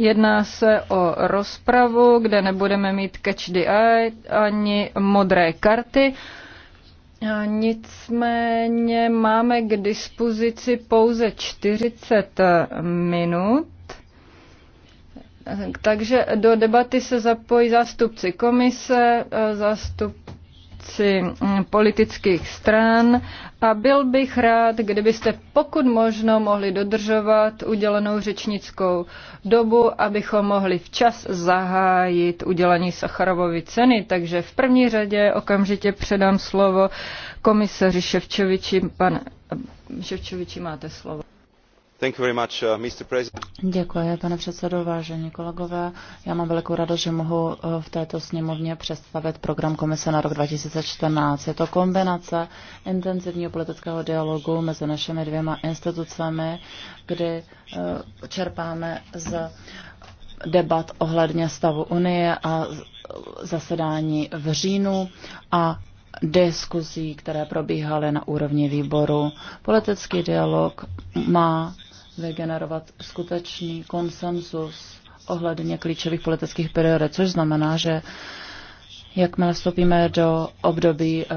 Jedná se o rozpravu, kde nebudeme mít catch the eye ani modré karty. Nicméně máme k dispozici pouze 40 minut, takže do debaty se zapojí zástupci komise, eh, zástup zástupci mm, politických stran a byl bych rád, kdybyste pokud možno mohli dodržovat udělenou řečnickou dobu, abychom mohli včas zahájit udělení Sacharovovy ceny. Takže v první řadě okamžitě předám slovo komisaři Ševčoviči. Pane eh, Ševčoviči, máte slovo. Uh, Děkuji, pane předsedo, vážení kolegové. Já mám velikou radost, že mohu uh, v této sněmovně představit program Komise na rok 2014. Je to kombinace intenzivního politického dialogu mezi našimi dvěma institucemi, kdy uh, čerpáme z debat ohledně stavu Unie a zasedání v říjnu a diskuzí, které probíhaly na úrovni výboru. Politický dialog má vygenerovat skutečný konsensus ohledně klíčových politických priorit, což znamená, že jakmile vstoupíme do období, eh,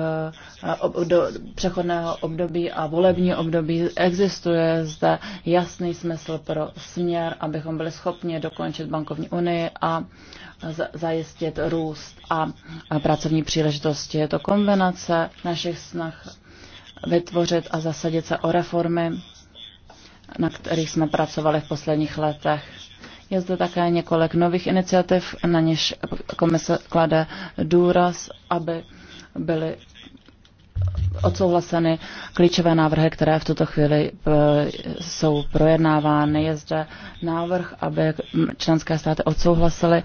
eh, do přechodného období a volební období, existuje zde jasný smysl pro směr, abychom byli schopni dokončit bankovní unii a zajistit růst a pracovní příležitosti. Je to kombinace našich snah vytvořit a zasadit se o reformy na kterých jsme pracovali v posledních letech. Je zde také několik nových iniciativ, na něž komise klade důraz, aby byly odsouhlaseny klíčové návrhy, které v tuto chvíli eh, jsou projednávány. Je zde návrh, aby členské státy odsouhlasily,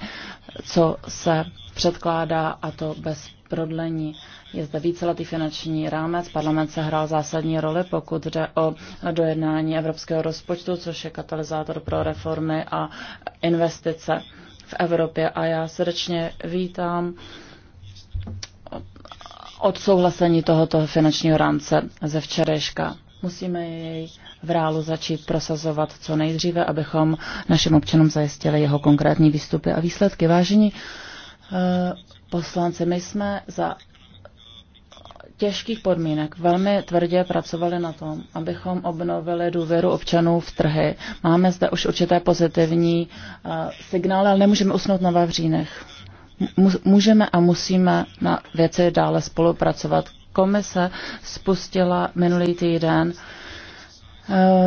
co se předkládá a to bez prodlení. Je zde víceletý finanční rámec. Parlament se hrál zásadní roli, pokud jde o dojednání evropského rozpočtu, což je katalyzátor pro reformy a investice v Evropě. A já srdečně vítám odsouhlasení tohoto finančního rámce ze včerejška. Musíme jej v reálu začít prosazovat co nejdříve, abychom našim občanům zajistili jeho konkrétní výstupy a výsledky. Vážení eh, poslanci, my jsme za těžkých podmínek velmi tvrdě pracovali na tom, abychom obnovili důvěru občanů v trhy. Máme zde už určité pozitivní uh, signály, ale nemůžeme usnout na vavřínech. Můžeme a musíme na věci dále spolupracovat. Komise spustila minulý týden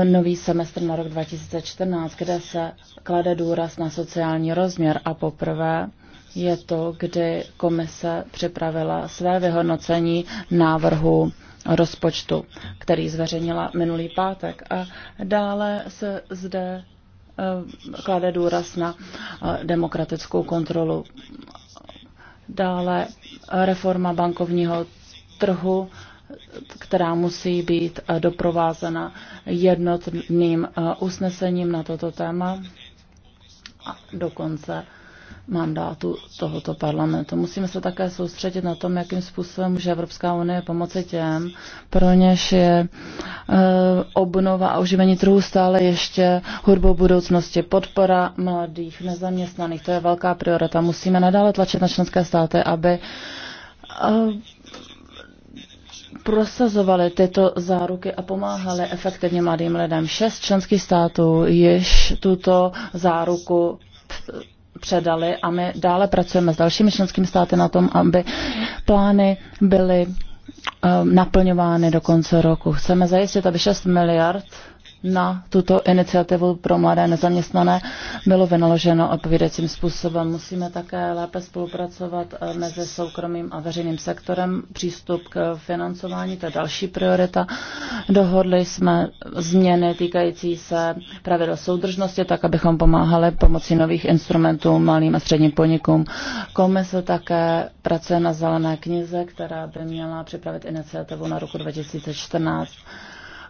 eh, nový semestr na rok 2014, kde se klade důraz na sociální rozměr a poprvé je to, kdy komise připravila své vyhodnocení návrhu rozpočtu, který zveřejnila minulý pátek. A dále se zde eh, klade důraz na eh, demokratickou kontrolu. Dále eh, reforma bankovního trhu, která musí být doprovázena jednotným usnesením na toto téma a dokonce mandátu tohoto parlamentu. Musíme se také soustředit na tom, jakým způsobem může Evropská unie pomoci těm, pro něž je e, obnova a oživení trhu stále ještě hudbou budoucnosti. Podpora mladých nezaměstnaných, to je velká priorita. Musíme nadále tlačit na členské státy, aby e, prosazovali tyto záruky a pomáhali efektivně mladým lidem. Šest členských států již tuto záruku předali a my dále pracujeme s dalšími členskými státy na tom, aby plány byly eh, naplňovány do konce roku. Chceme zajistit, aby 6 miliard na tuto iniciativu pro mladé nezaměstnané bylo vynaloženo odpovědacím způsobem. Musíme také lépe spolupracovat eh, mezi soukromým a veřejným sektorem. Přístup k financování, to je další priorita. Dohodli jsme změny týkající se pravidel soudržnosti, tak abychom pomáhali pomocí nových instrumentů malým a středním podnikům. Komise také pracuje na zelené knize, která by měla připravit iniciativu na roku 2014.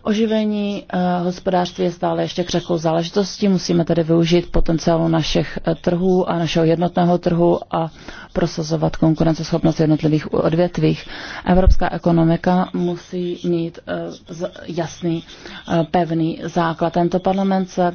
Oživení eh, hospodářství je stále ještě křehkou záležitostí, musíme tedy využít potenciálu našich eh, trhů a našeho jednotného trhu a prosazovat konkurenceschopnost jednotlivých odvětvích. Evropská ekonomika musí mít eh, jasný, pevný základ. Tento parlament se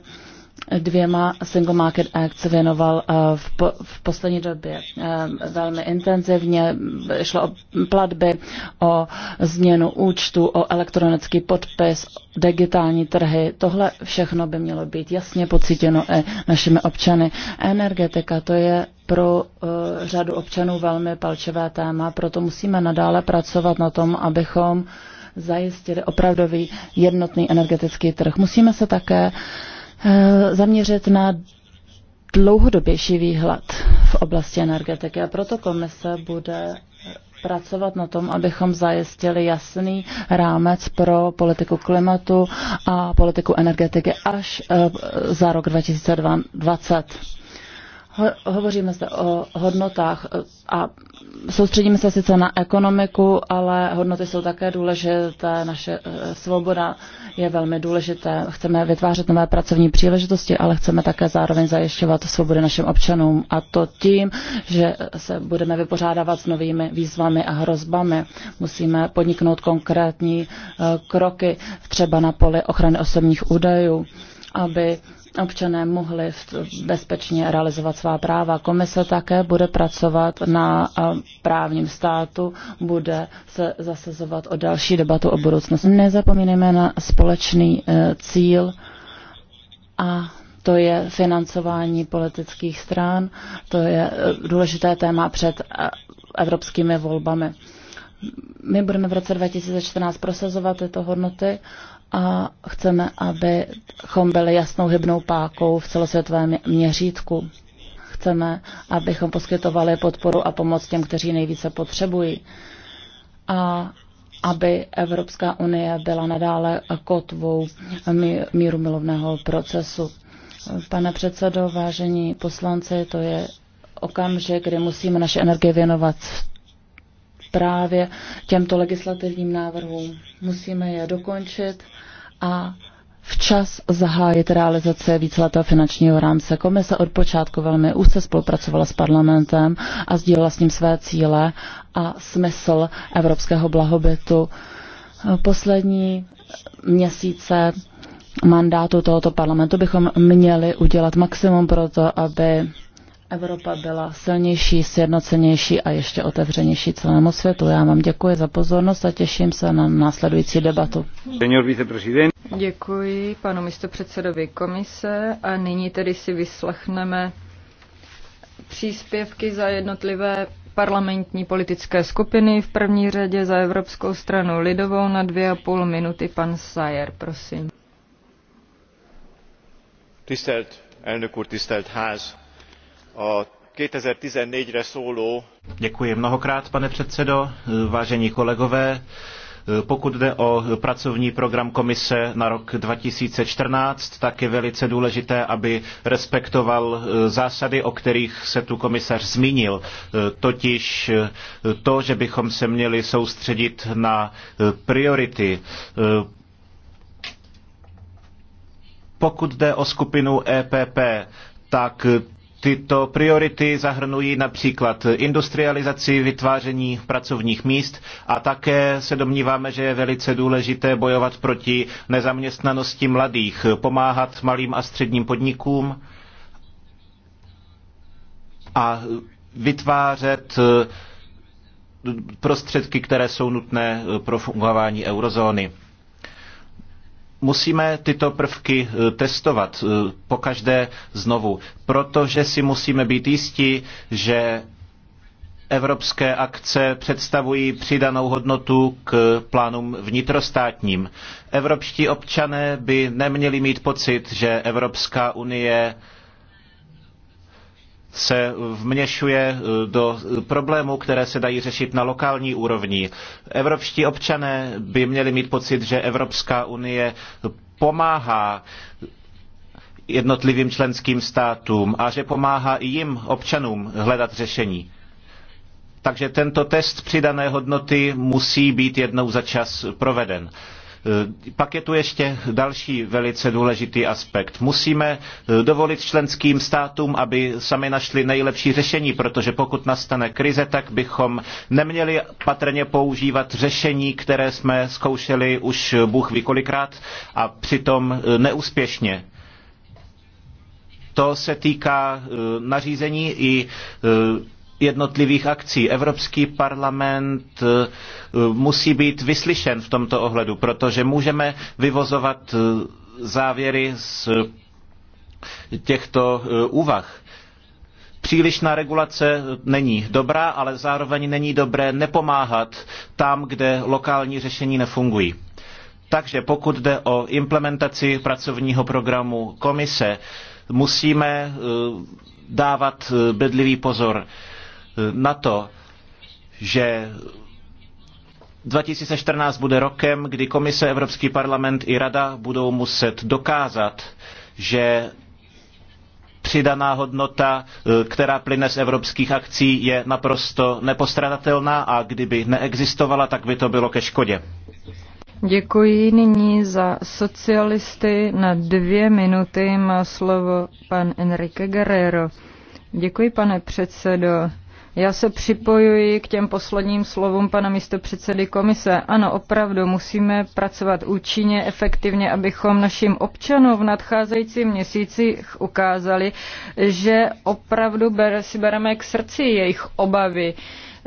dvěma Single Market Acts věnoval eh, v, po, v poslední době eh, velmi intenzivně. Šlo o platby, o změnu účtu, o elektronický podpis, digitální trhy. Tohle všechno by mělo být jasně pocítěno i našimi občany. Energetika to je pro uh, řadu občanů velmi palčivé téma, proto musíme nadále pracovat na tom, abychom zajistili opravdový jednotný energetický trh. Musíme se také uh, Eh, zaměřit na dlouhodobější výhled v oblasti energetiky a proto komise bude pracovat na tom, abychom zajistili jasný rámec pro politiku klimatu a politiku energetiky až eh, za rok 2020. Ho, hovoříme zde o hodnotách e, a soustředíme se sice na ekonomiku, ale hodnoty jsou také důležité, naše e, svoboda je velmi důležité. Chceme vytvářet nové pracovní příležitosti, ale chceme také zároveň zajišťovat svobody našim občanům a to tím, že se budeme vypořádávat s novými výzvami a hrozbami. Musíme podniknout konkrétní e, kroky třeba na poli ochrany osobních údajů, aby občané mohli bezpečně realizovat svá práva. Komise také bude pracovat na právním státu, bude se zasazovat o další debatu o budoucnosti. Nezapomínejme na společný e, cíl a to je financování politických strán, to je e, důležité téma před e, evropskými volbami. My budeme v roce 2014 prosazovat tyto hodnoty a chceme, abychom byli jasnou hybnou pákou v celosvětovém měřítku. Chceme, abychom poskytovali podporu a pomoc těm, kteří nejvíce potřebují. A aby Evropská unie byla nadále kotvou míru milovného procesu. Pane předsedo, vážení poslanci, to je okamžik, kdy musíme naše energie věnovat právě těmto legislativním návrhům. Musíme je dokončit a včas zahájit realizaci víceletého finančního rámce. Komise od počátku velmi úzce spolupracovala s parlamentem a sdílela s ním své cíle a smysl evropského blahobytu. Poslední měsíce mandátu tohoto parlamentu bychom měli udělat maximum pro to, aby Evropa byla silnější, sjednocenější a ještě otevřenější celému světu. Já vám děkuji za pozornost a těším se na následující debatu. Děkuji panu místopředsedovi komise a nyní tedy si vyslechneme příspěvky za jednotlivé parlamentní politické skupiny, v první řadě za Evropskou stranu lidovou na dvě a půl minuty. Pan Sajer, prosím. Tisztelt elnök úr, tisztelt ház! a 2014-re szóló. Děkuji mnohokrát, pane předsedo, vážení kolegové. Pokud jde o pracovní program komise na rok 2014, tak je velice důležité, aby respektoval zásady, o kterých se tu komisař zmínil. Totiž to, že bychom se měli soustředit na priority pokud jde o skupinu EPP, tak Tyto priority zahrnují například industrializaci, vytváření pracovních míst a také se domníváme, že je velice důležité bojovat proti nezaměstnanosti mladých, pomáhat malým a středním podnikům a vytvářet eh, prostředky, které jsou nutné pro fungování eurozóny musíme tyto prvky eh, testovat eh, po každé znovu, protože si musíme být jistí, že evropské akce představují přidanou hodnotu k plánům vnitrostátním. Evropští občané by neměli mít pocit, že Evropská unie se vměšuje eh, do problémů, které se dají řešit na lokální úrovni. Evropští občané by měli mít pocit, že Evropská unie pomáhá jednotlivým členským státům a že pomáhá i jim, občanům, hledat řešení. Takže tento test přidané hodnoty musí být jednou za čas proveden. Eh, pak je tu ještě další velice důležitý aspekt. Musíme eh, dovolit členským státům, aby sami našli nejlepší řešení, protože pokud nastane krize, tak bychom neměli patrně používat řešení, které jsme zkoušeli už eh, Bůh vykolikrát a přitom neúspěšně. To se týká nařízení i jednotlivých akcí. Evropský parlament eh, musí být vyslyšen v tomto ohledu, protože můžeme vyvozovat eh, závěry z těchto eh, úvah. Přílišná regulace není dobrá, ale zároveň není dobré nepomáhat tam, kde lokální řešení nefungují. Takže pokud jde o implementaci pracovního programu komise, musíme dávat bedlivý pozor na to, že 2014 bude rokem, kdy Komise, Evropský parlament i Rada budou muset dokázat, že přidaná hodnota, e, která plyne z evropských akcí, je naprosto nepostradatelná a kdyby neexistovala, tak by to bylo ke škodě. Děkuji nyní za socialisty. Na dvě minuty má slovo pan Enrique Guerrero. Děkuji, pane předsedo. Já se připojuji k těm posledním slovům pana místopředsedy komise. Ano, opravdu musíme pracovat účinně, efektivně, abychom našim občanům v nadcházejícím měsících ukázali, že opravdu si bereme k srdci jejich obavy.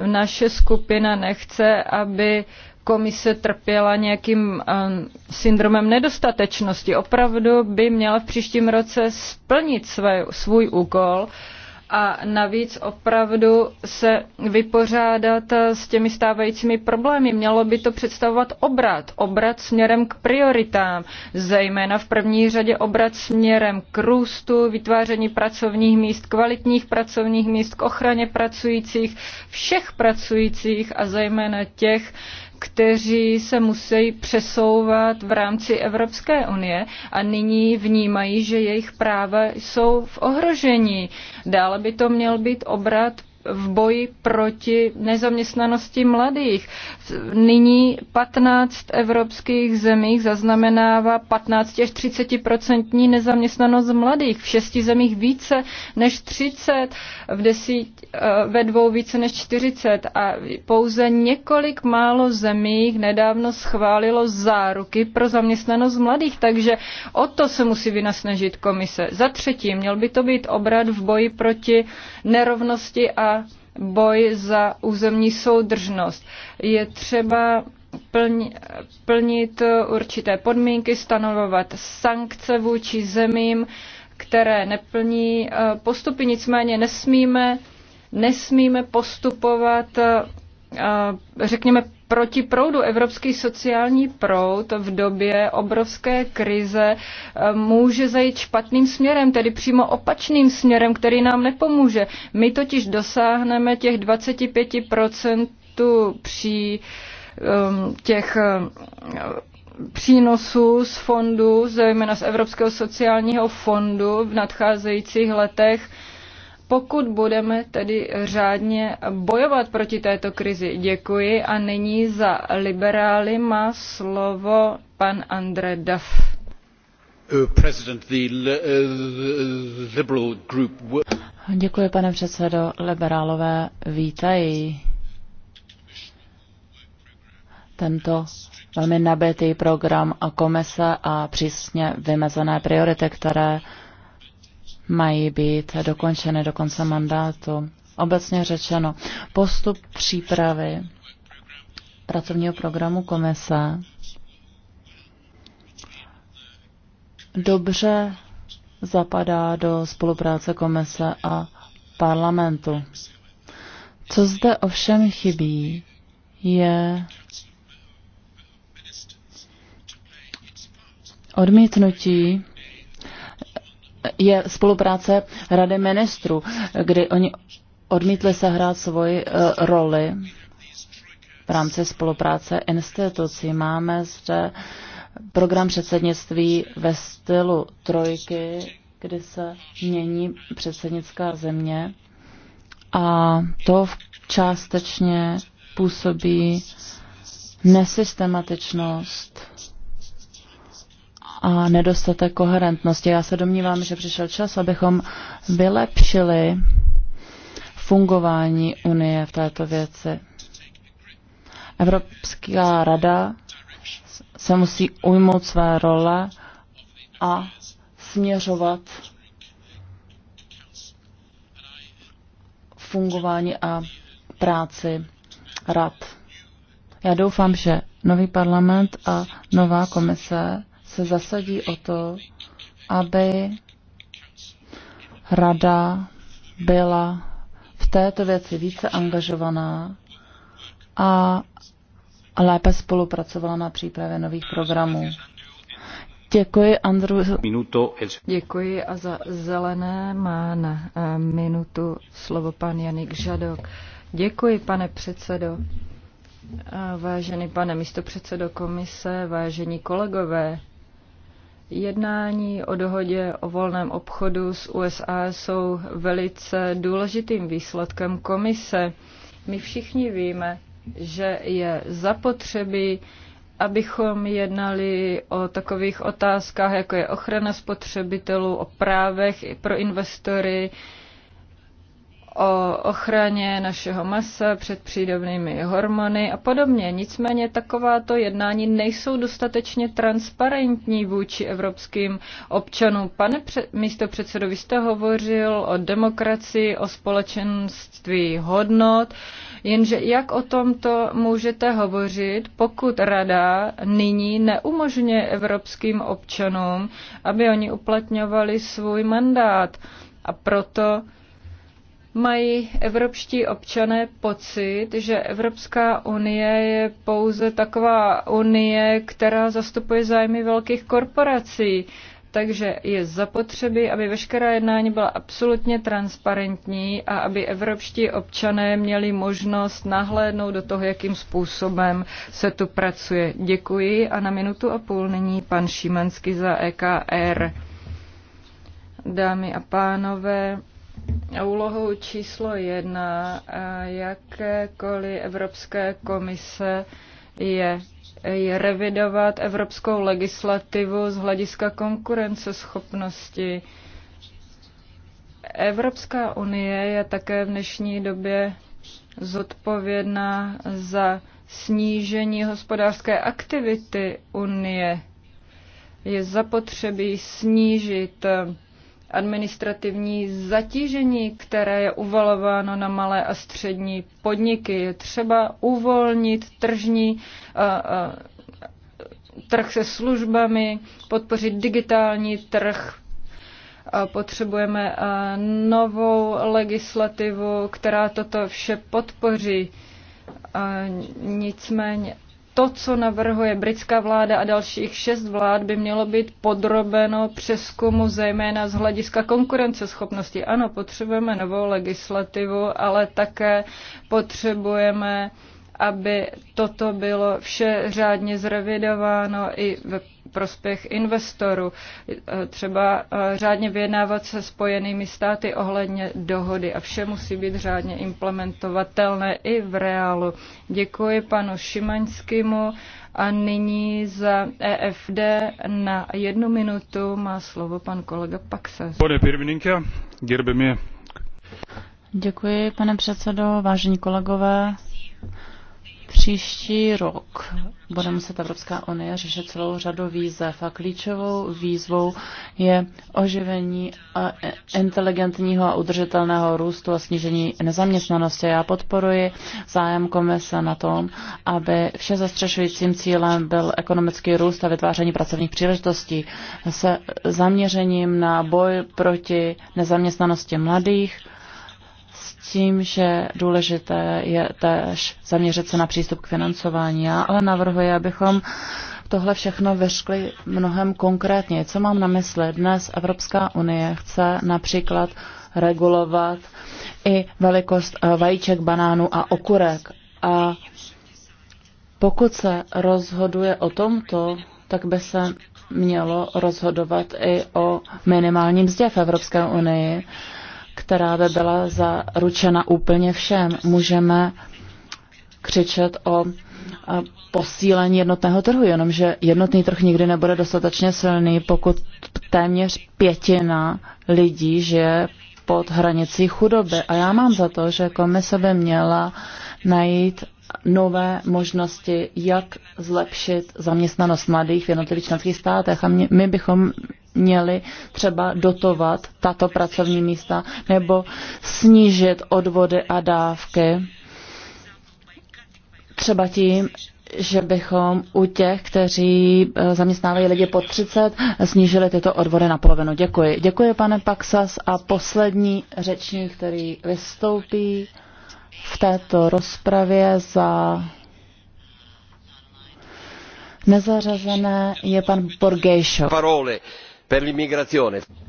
Naše skupina nechce, aby komise trpěla nějakým um, syndromem nedostatečnosti. Opravdu by měla v příštím roce splnit své, svůj úkol a navíc opravdu se vypořádat s těmi stávajícími problémy. Mělo by to představovat obrat, obrat směrem k prioritám, zejména v první řadě obrat směrem k růstu, vytváření pracovních míst, kvalitních pracovních míst, k ochraně pracujících, všech pracujících a zejména těch, kteří se musí přesouvat v rámci Evropské unie a nyní vnímají, že jejich práva jsou v ohrožení. Dále by to měl být obrat v boji proti nezaměstnanosti mladých. Nyní 15 evropských zemích zaznamenává 15 až 30 nezaměstnanost mladých. V šesti zemích více než 30, v desít, eh, ve dvou více než 40 a pouze několik málo zemích nedávno schválilo záruky pro zaměstnanost mladých, takže o to se musí vynasnažit komise. Za třetí, měl by to být obrat v boji proti nerovnosti a boj za územní soudržnost. Je třeba plnit určité podmínky, stanovovat sankce vůči zemím, které neplní eh, postupy. Nicméně nesmíme, nesmíme postupovat, eh, řekněme, proti proudu. Evropský sociální proud v době obrovské krize eh, může zajít špatným směrem, tedy přímo opačným směrem, který nám nepomůže. My totiž dosáhneme těch 25% při ehm, těch eh, přínosů z fondu, zejména z Evropského sociálního fondu v nadcházejících letech pokud budeme tedy řádně bojovat proti této krizi. Děkuji a nyní za liberály má slovo pan Andre Duff. Uh, uh, Děkuji, pane předsedo. Liberálové vítají tento velmi nabitý program a komise a přísně vymezené priority, které mají být dokončeny do konce mandátu. Obecně řečeno, postup přípravy pracovního programu komise dobře zapadá do spolupráce komise a parlamentu. Co zde ovšem chybí, je odmítnutí je spolupráce Rady ministrů, kdy oni odmítli sehrát svoji eh, roli v rámci spolupráce institucí. Máme zde program předsednictví ve stylu trojky, kdy se mění předsednická země a to částečně působí nesystematičnost a nedostatek koherentnosti. Já se domnívám, že přišel čas, abychom vylepšili fungování Unie v této věci. Evropská rada se musí ujmout své role a směřovat fungování a práci rad. Já doufám, že nový parlament a nová komise se zasadí o to, aby rada byla v této věci více angažovaná a lépe spolupracovala na přípravě nových programů. Děkuji, Andru. Děkuji a za zelené má na eh, minutu slovo pan Janik Žadok. Děkuji, pane předsedo. Eh, vážený pane místopředsedo komise, vážení kolegové, Jednání o dohodě o volném obchodu s USA jsou velice důležitým výsledkem komise. My všichni víme, že je zapotřebí, abychom jednali o takových otázkách, jako je ochrana spotřebitelů, o právech pro investory, o ochraně našeho masa před přídavnými hormony a podobně. Nicméně takováto jednání nejsou dostatečně transparentní vůči evropským občanům. Pane pře- místo předsedo, vy jste hovořil o demokracii, o společenství hodnot, jenže jak o tomto můžete hovořit, pokud rada nyní neumožňuje evropským občanům, aby oni uplatňovali svůj mandát. A proto mají evropští občané pocit, že Evropská unie je pouze taková unie, která zastupuje zájmy velkých korporací. Takže je zapotřebí, aby veškerá jednání byla absolutně transparentní a aby evropští občané měli možnost nahlédnout do toho, jakým způsobem se tu pracuje. Děkuji a na minutu a půl nyní pan Šimanský za EKR. Dámy a pánové, úlohou číslo jedna jakékoliv Evropské komise je je revidovat evropskou legislativu z hlediska konkurenceschopnosti. Evropská unie je také v dnešní době zodpovědná za snížení hospodářské aktivity unie. Je zapotřebí snížit administrativní zatížení, které je uvalováno na malé a střední podniky. Je třeba uvolnit tržní a, eh, a, eh, trh se službami, podpořit digitální trh. A potřebujeme eh, novou legislativu, která toto vše podpoří. Nicméně to, co navrhuje britská vláda a dalších šest vlád, by mělo být podrobeno přeskumu zejména z hlediska konkurenceschopnosti. Ano, potřebujeme novou legislativu, ale také potřebujeme aby toto bylo vše řádně zrevidováno i ve prospěch investorů. E, třeba e, řádně vyjednávat se spojenými státy ohledně dohody a vše musí být řádně implementovatelné i v reálu. Děkuji panu Šimaňskému a nyní za EFD na jednu minutu má slovo pan kolega Paxas. Pane Pirmininke, děkuji. Děkuji, pane předsedo, vážení kolegové. Příští rok bude muset Evropská unie řešit celou řadu výzev a klíčovou výzvou je oživení a inteligentního a udržitelného růstu a snížení nezaměstnanosti. Já podporuji zájem komise na tom, aby vše zastřešujícím cílem byl ekonomický růst a vytváření pracovních příležitostí se zaměřením na boj proti nezaměstnanosti mladých, s tím, že důležité je též zaměřit se na přístup k financování. Já ale navrhuji, abychom tohle všechno vyřkli mnohem konkrétně. Co mám na mysli? Dnes Evropská unie chce například regulovat i velikost eh, vajíček, banánů a okurek. A pokud se rozhoduje o tomto, tak by se mělo rozhodovat i o minimálním mzdě v Evropské unii která by byla zaručena úplně všem. Můžeme křičet o posílení jednotného trhu, jenomže jednotný trh nikdy nebude dostatečně silný, pokud téměř pětina lidí žije pod hranicí chudoby. A já mám za to, že komise by měla uh, najít nové možnosti, jak zlepšit zaměstnanost mladých v jednotlivých členských státech. A my bychom měli třeba dotovat tato pracovní místa nebo snížit odvody a dávky. Třeba tím, že bychom u těch, kteří eh, zaměstnávají lidi po 30, snížili tyto odvody na polovinu. Děkuji. Děkuji, pane Paxas. A poslední řečník, který vystoupí v této rozpravě za nezařazené je pan Borgejšo.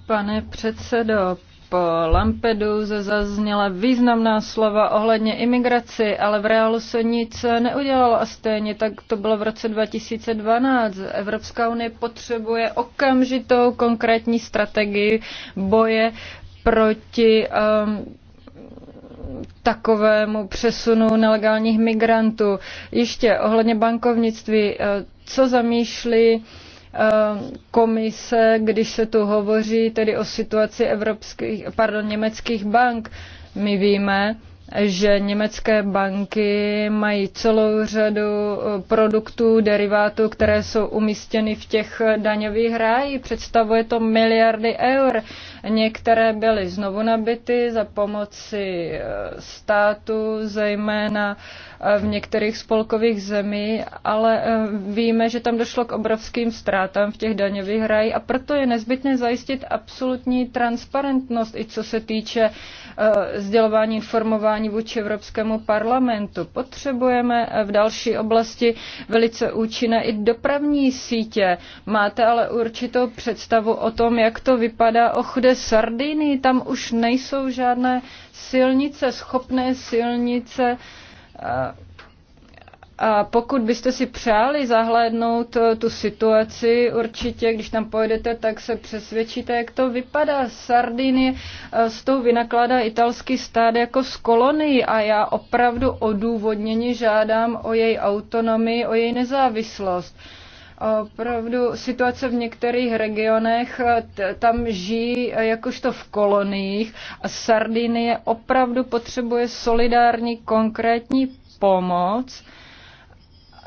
Pane předsedo, po Lampeduze zazněla významná slova ohledně imigraci, ale v reálu se nic neudělalo a stejně tak to bylo v roce 2012. Evropská unie potřebuje okamžitou konkrétní strategii boje proti um, takovému přesunu nelegálních migrantů. Ještě ohledně bankovnictví, eh, co zamýšlí eh, komise, když se tu hovoří tedy o situaci evropských, pardon, německých bank. My víme, že německé banky mají celou řadu eh, produktů, derivátů, které jsou umístěny v těch eh, daňových rájích. Představuje to miliardy eur. Některé byly znovu nabity za pomoci eh, státu, zejména v některých spolkových zemí, ale víme, že tam došlo k obrovským ztrátám v těch daňových rájích a proto je nezbytné zajistit absolutní transparentnost i co se týče sdělování informování chování vůči Evropskému parlamentu. Potřebujeme eh, v další oblasti velice účinné i dopravní sítě. Máte ale určitou představu o tom, jak to vypadá o chude Sardiny, Tam už nejsou žádné silnice, schopné silnice eh, a pokud byste si přáli zahlédnout eh, tu situaci, určitě, když tam pojedete, tak se přesvědčíte, jak to vypadá. Sardiny eh, s tou vynakládá italský stát jako z kolonii a já opravdu odůvodněně žádám o její autonomii, o její nezávislost. Opravdu situace v některých regionech, eh, tam žijí jakožto v koloniích a Sardinie opravdu potřebuje solidární konkrétní pomoc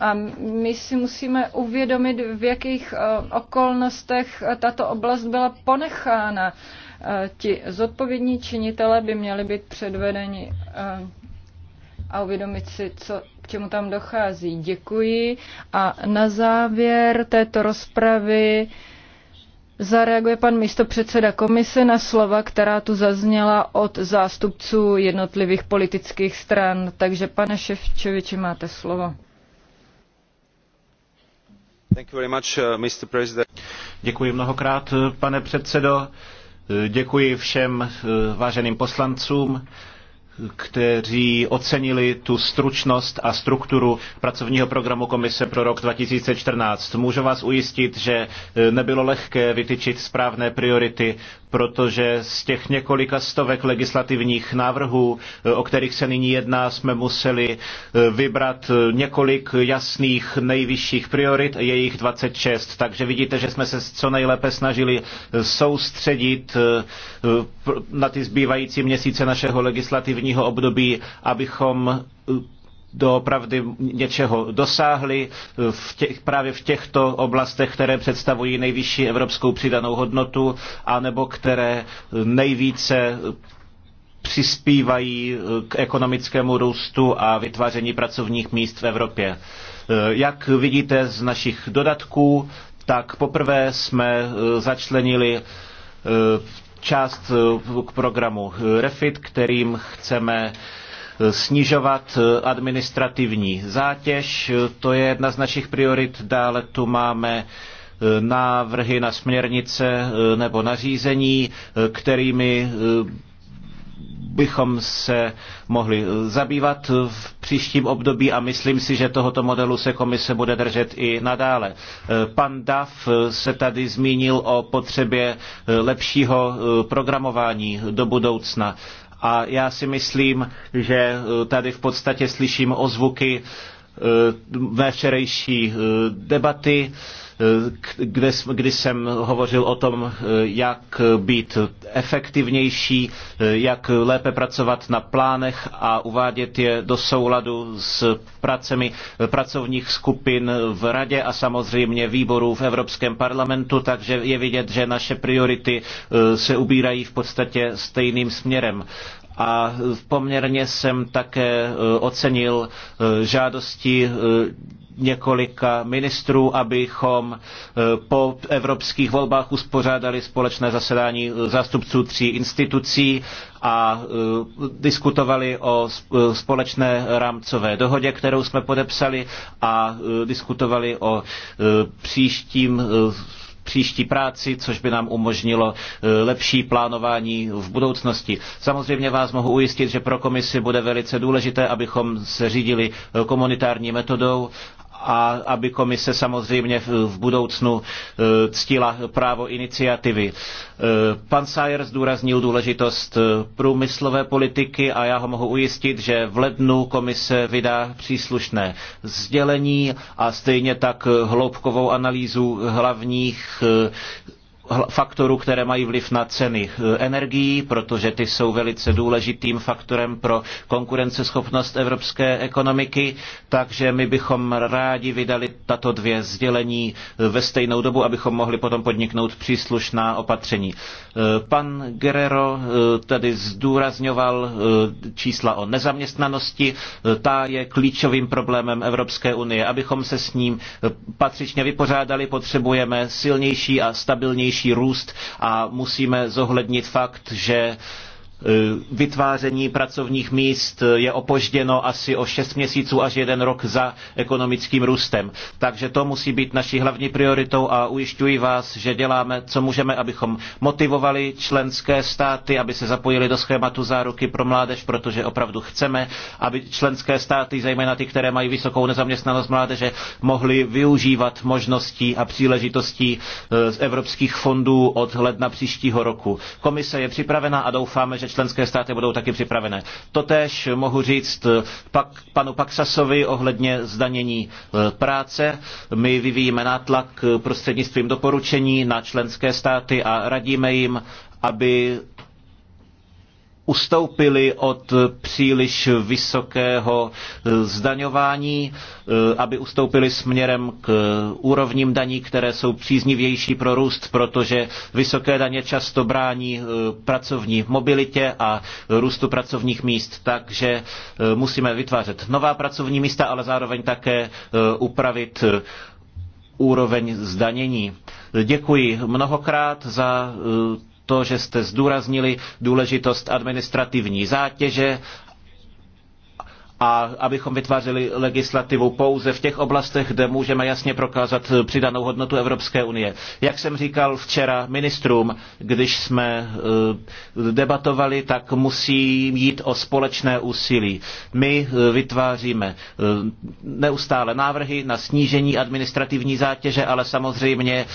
a my si musíme uvědomit, v jakých eh, okolnostech eh, tato oblast byla ponechána. Eh, ti zodpovědní činitelé by měli být předvedeni a uvědomit si, co, k čemu tam dochází. Děkuji a na závěr této rozpravy zareaguje pan místopředseda komise na slova, která tu zazněla od zástupců jednotlivých politických stran. Takže pane Ševčeviči, máte slovo. Uh, děkuji mnohokrát, uh, pane předsedo. Uh, děkuji všem váženým poslancům, kteří ocenili tu stručnost a strukturu pracovního programu Komise pro rok 2014. Můžu vás ujistit, že nebylo lehké vytyčit správné priority protože z těch několika stovek legislativních návrhů, e, o kterých se nyní jedná, jsme museli e, vybrat e, několik jasných nejvyšších priorit, je jich 26. Takže vidíte, že jsme se co nejlépe snažili soustředit na ty zbývající měsíce našeho legislativního období, abychom doopravdy něčeho dosáhli v těch, právě v těchto oblastech, které představují nejvyšší evropskou přidanou hodnotu, anebo které nejvíce přispívají k ekonomickému růstu a vytváření pracovních míst v Evropě. Jak vidíte z našich dodatků, tak poprvé jsme eh, začlenili eh, část eh, k programu REFIT, kterým chceme snižovat eh, administrativní zátěž, to je jedna z našich priorit. Dále tu máme eh, návrhy na směrnice eh, nebo nařízení, kterými bychom se mohli zabývat v příštím období a myslím si, že tohoto modelu se komise bude držet i nadále. Pan Dav se tady zmínil o potřebě lepšího programování do budoucna a já si myslím, že eh, tady v podstatě slyším ozvuky mé eh, včerejší eh, debaty Eh, kde, kdy jsem hovořil o tom, eh, jak být efektivnější, eh, jak lépe pracovat na plánech a uvádět je do souladu s pracemi pracovních skupin v Radě a samozřejmě výborů v Evropském parlamentu, takže je vidět, že naše priority se ubírají v podstatě stejným směrem a poměrně jsem také ocenil žádosti několika ministrů, abychom eh, po evropských volbách uspořádali společné zasedání eh, zástupců tří institucí a eh, diskutovali o společné rámcové dohodě, kterou jsme podepsali a diskutovali o příštím příští práci, což by nám umožnilo lepší plánování v budoucnosti. Samozřejmě vás mohu ujistit, že pro komisi bude velice důležité, abychom se řídili komunitární metodou a aby komise samozřejmě v budoucnu eh, ctila právo iniciativy. Eh, pan Sayer zdůraznil důležitost eh, průmyslové politiky a já ho mohu ujistit, že v lednu komise vydá příslušné sdělení a stejně tak hloubkovou analýzu hlavních faktorů, které mají vliv na ceny eh, energií, protože ty jsou velice důležitým faktorem pro konkurenceschopnost evropské ekonomiky, takže my bychom rádi vydali tato dvě sdělení eh, ve stejnou dobu, abychom mohli potom podniknout příslušná opatření. Eh, pan Guerrero tady zdůrazňoval čísla o nezaměstnanosti. Ta je klíčovým problémem Evropské unie. Abychom se s ním patřičně vypořádali, potřebujeme silnější a stabilnější silnější růst a musíme zohlednit fakt, že Eh, vytváření pracovních míst eh, je opožděno asi o 6 měsíců až jeden rok za ekonomickým růstem. Takže to musí být naší hlavní prioritou a ujišťuji vás, že děláme, co můžeme, abychom motivovali členské státy, aby se zapojili do schématu záruky pro mládež, protože opravdu chceme, aby členské státy, zejména ty, které mají vysokou nezaměstnanost mládeže, mohly využívat možností a příležitostí eh, z evropských fondů od ledna příštího roku. Komise je připravena a doufáme, že členské státy budou taky připravené. Totež mohu říct eh, pak, panu Paksasovi ohledně zdanění eh, práce. My vyvíjíme nátlak eh, prostřednictvím doporučení na členské státy a radíme jim, aby ustoupili od příliš vysokého e, zdaňování, e, aby ustoupili směrem k úrovním daní, které jsou příznivější pro růst, protože vysoké daně často brání e, pracovní mobilitě a růstu pracovních míst. Takže musíme vytvářet nová pracovní místa, ale zároveň také upravit úroveň zdanění. Děkuji mnohokrát za to, že jste zdůraznili důležitost administrativní zátěže a abychom vytvářeli legislativu pouze v těch oblastech, kde můžeme jasně prokázat přidanou hodnotu Evropské unie. Jak jsem říkal včera ministrům, když jsme eh, debatovali, tak musí jít o společné úsilí. My eh, vytváříme eh, neustále návrhy na snížení administrativní zátěže, ale samozřejmě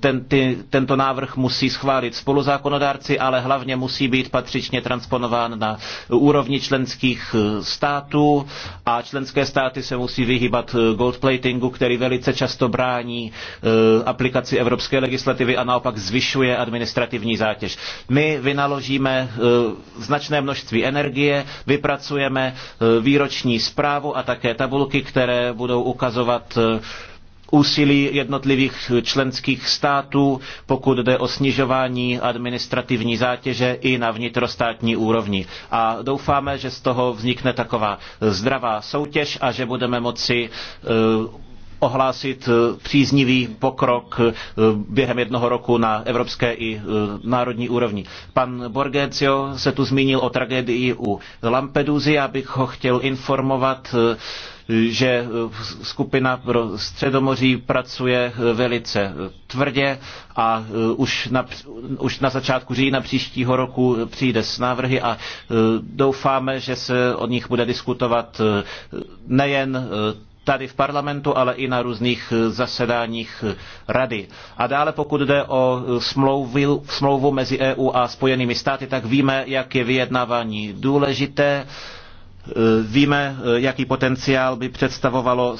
ten, ty, tento návrh musí schválit spoluzákonodárci, ale hlavně musí být patřičně transponován na úrovni členských států fondů a členské státy se musí vyhýbat eh, goldplatingu, který velice často brání eh, aplikaci evropské legislativy a naopak zvyšuje administrativní zátěž. My vynaložíme eh, značné množství energie, vypracujeme výroční zprávu a také tabulky, které budou ukazovat, úsilí jednotlivých členských států, pokud jde o snižování administrativní zátěže i na vnitrostátní úrovni. A doufáme, že z toho vznikne taková zdravá soutěž a že budeme moci eh, ohlásit eh, příznivý pokrok eh, během jednoho roku na evropské i národní úrovni. Pan Borgencio se tu zmínil o tragédii u Lampedusy, abych bych ho chtěl informovat, že eh, skupina pro Středomoří pracuje eh, velice eh, tvrdě a už na, už na začátku října příštího roku přijde s návrhy a doufáme, že se o nich bude diskutovat nejen tady v parlamentu, ale i na různých zasedáních rady. A dále pokud jde o smlouvy, smlouvu mezi EU a Spojenými státy, tak víme, jak je vyjednávání důležité Eh, víme, eh, jaký potenciál by představovalo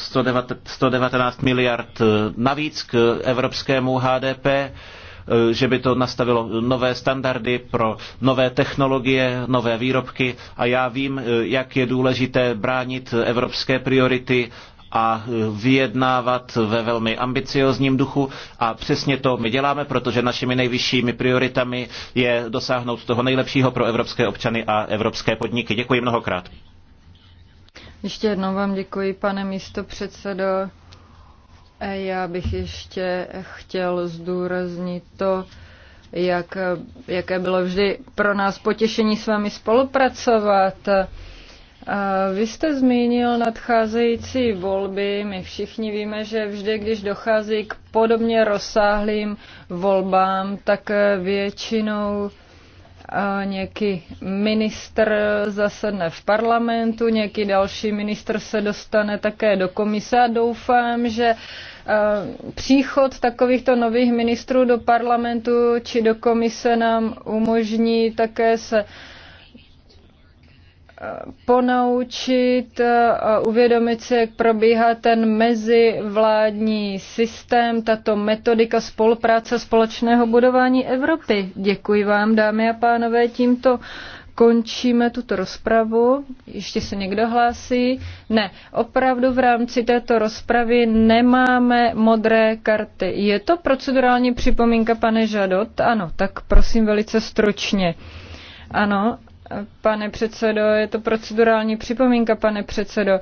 119 miliard eh, navíc k evropskému HDP, že by to nastavilo nové standardy pro nové technologie, nové výrobky a já vím, jak je důležité bránit evropské priority a vyjednávat ve velmi ambiciozním duchu a přesně to my děláme, protože našimi nejvyššími prioritami je dosáhnout toho nejlepšího pro evropské občany a evropské podniky. Děkuji mnohokrát. Ještě jednou vám děkuji, pane místo předsedo. E, já bych ještě chtěl zdůraznit to, jak, jaké bylo vždy pro nás potěšení s vámi spolupracovat. E, vy jste zmínil nadcházející volby. My všichni víme, že vždy, když dochází k podobně rozsáhlým volbám, tak většinou nějaký ministr zasedne v parlamentu, nějaký další ministr se dostane také do komise a doufám, že e, příchod takovýchto nových ministrů do parlamentu či do komise nám umožní také se ponoučit, uvědomit si, jak probíhá ten mezivládní systém, tato metodika spolupráce společného budování Evropy. Děkuji vám, dámy a pánové, tímto končíme tuto rozpravu. Ještě se někdo hlásí? Ne, opravdu v rámci této rozpravy nemáme modré karty. Je to procedurální připomínka, pane Žadot? Ano, tak prosím velice stručně. Ano, Pane předsedo, je to procedurální připomínka, pane předsedo,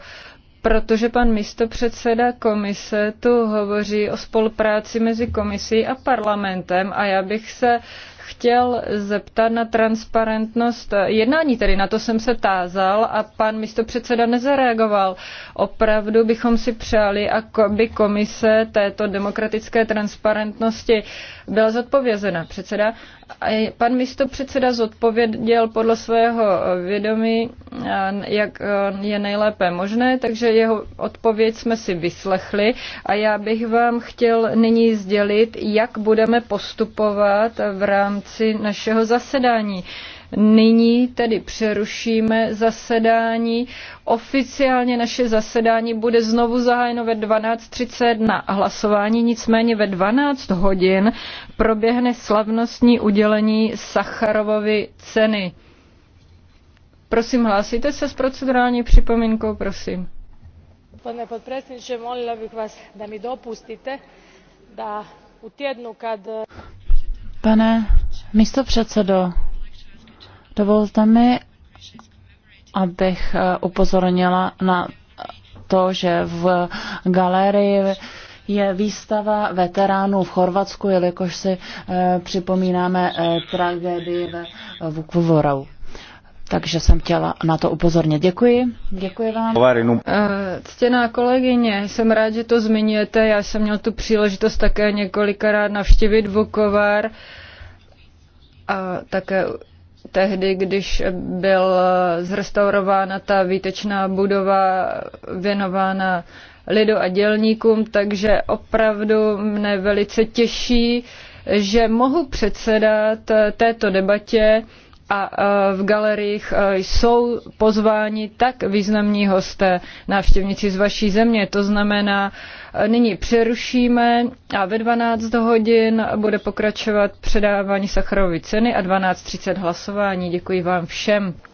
protože pan místopředseda komise tu hovoří o spolupráci mezi komisí a parlamentem a já bych se chtěl zeptat na transparentnost jednání, tedy na to jsem se tázal a pan místopředseda nezareagoval. Opravdu bychom si přáli, aby komise této demokratické transparentnosti byla zodpovězena. Předseda, pan místo předseda zodpověděl podle svého eh, vědomí, eh, jak eh, je nejlépe možné, takže jeho odpověď jsme si vyslechli a já bych vám chtěl nyní sdělit, jak budeme postupovat v rámci našeho zasedání. Nyní tedy přerušíme zasedání. Oficiálně naše zasedání bude znovu zahájeno ve 12.30 na hlasování, nicméně ve 12 hodin proběhne slavnostní udělení Sacharovovi ceny. Prosím, hlásíte se s procedurální připomínkou, prosím. Pane potpredsjedniče, molila bych vás, da mi dopustíte, da u týdnu, kad... Pane místo předsedo, Dovolte mi, abych eh, upozornila na to, že v galerii je výstava veteránů v Chorvatsku, jelikož si e, připomínáme e, eh, tragédii ve Vukvorou. Takže jsem chtěla na to upozornit. Děkuji. Děkuji vám. Ctěná kolegyně, jsem rád, že to zmiňujete. Já jsem měl tu příležitost také několikrát navštívit Vukovar a také tehdy, když byl zrestaurována ta výtečná budova věnována lidu a dělníkům, takže opravdu mne velice těší, že mohu předsedat této debatě a e, v galeriích e, jsou pozváni tak významní hosté, návštěvníci z vaší země. To znamená, e, nyní přerušíme a ve 12 hodin bude pokračovat předávání Sacharovy ceny a 12.30 hlasování. Děkuji vám všem.